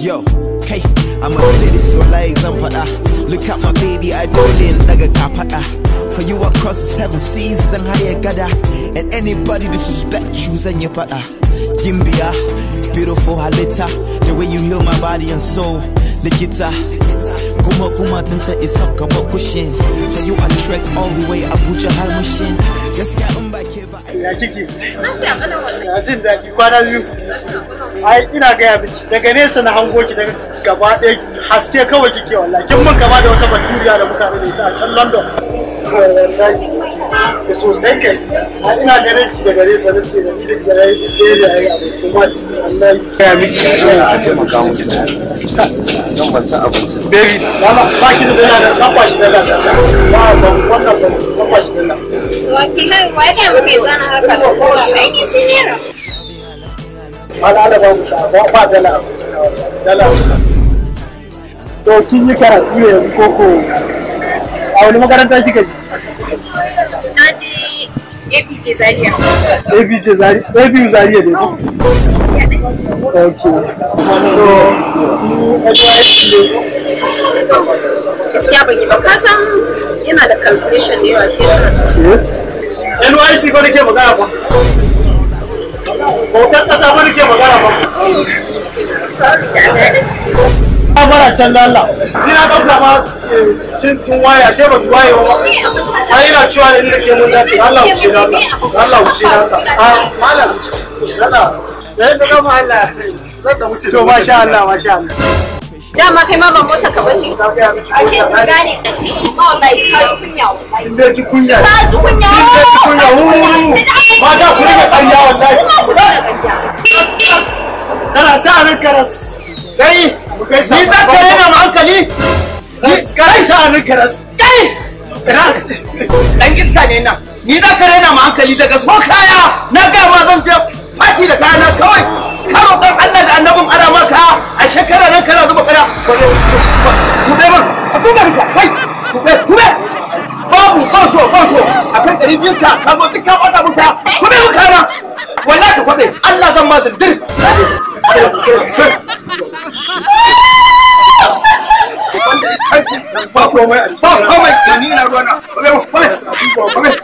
Yo, hey, I'm a city, so like Zamfara. Look at my baby, I do lean like a kapata. For you across the seven seas and higher gada. And anybody disrespect you, and your pata. Gimbia, beautiful Halita. The way you heal my body and soul. The guitar, kuma kuma tun ta isa kamar kushin ta yi a trek all the way abuja har mashin gaskiya in ba ke ba ya kike ya jin daɗi kwana biyu ai ina gaya miki daga nesa na hango ki daga gaba ɗaya haske kawai kike wallahi kin mun gaba da wata baturiya da mutane da ita a can london da sosai a ina ganin ki daga gare na ce da ni da ki da duk da yayi abu kuma ci ya miki a taimaka musu don ban san abinci baby ba ki da dana da kafa shi da dana ba ba wannan ba kafa shi da dana so ki kai kai zana haka ko ai ni sai ne ra ala ala ba ba ba dala dala to kin yi karatu yanzu koko a wani makaranta kika ji APJ Zaria. APJ Zaria. APJ Zaria ne. Oh. Okay. So, advice ne. Gaskiya ban yi ba. yana da da yawa eh? ke ba. Bautar ƙasa ba ke ba. Sorry, da yana can ni na ɗauka ma eh, sun waya ba su waye ba yana da mun dace Allah ku Allah ku ce Allah malam Allah ah, da Allah zan da to Allah Allah dama kai ma ban mota ka bace ashe ku gane ashe ba wallahi ka kunya wallahi ne ki kunya ka ji kunya ne ji kunya ma da ku rike ƙarya wallahi kai sa ni za ni karas kai dan iska ne na ni za ka hankali daga so kaya na ga ma zan je fati da kaya na kawai karo kan Allah da annabin ara maka a shekara nan kana zuba kara ku kai ba ku kai kai ku ku babu ɗari biyun ka ka duk ka bata muka ku kai mu kana wallahi ka kwabe Allah zan ma zindir ba komai ba komai ni na ruwana komai komai